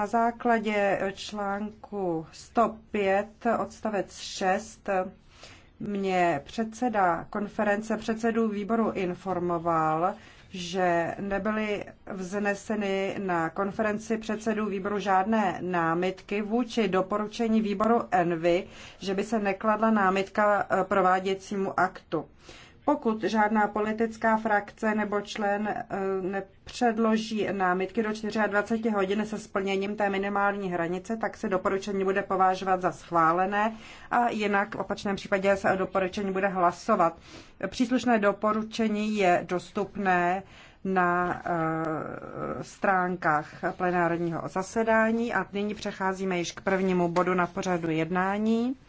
Na základě článku 105 odstavec 6 mě předseda konference předsedů výboru informoval, že nebyly vzneseny na konferenci předsedů výboru žádné námitky vůči doporučení výboru ENVY, že by se nekladla námitka prováděcímu aktu. Pokud žádná politická frakce nebo člen eh, nepředloží námitky do 24 hodin se splněním té minimální hranice, tak se doporučení bude považovat za schválené a jinak v opačném případě se o doporučení bude hlasovat. Příslušné doporučení je dostupné na eh, stránkách plenárního zasedání a nyní přecházíme již k prvnímu bodu na pořadu jednání.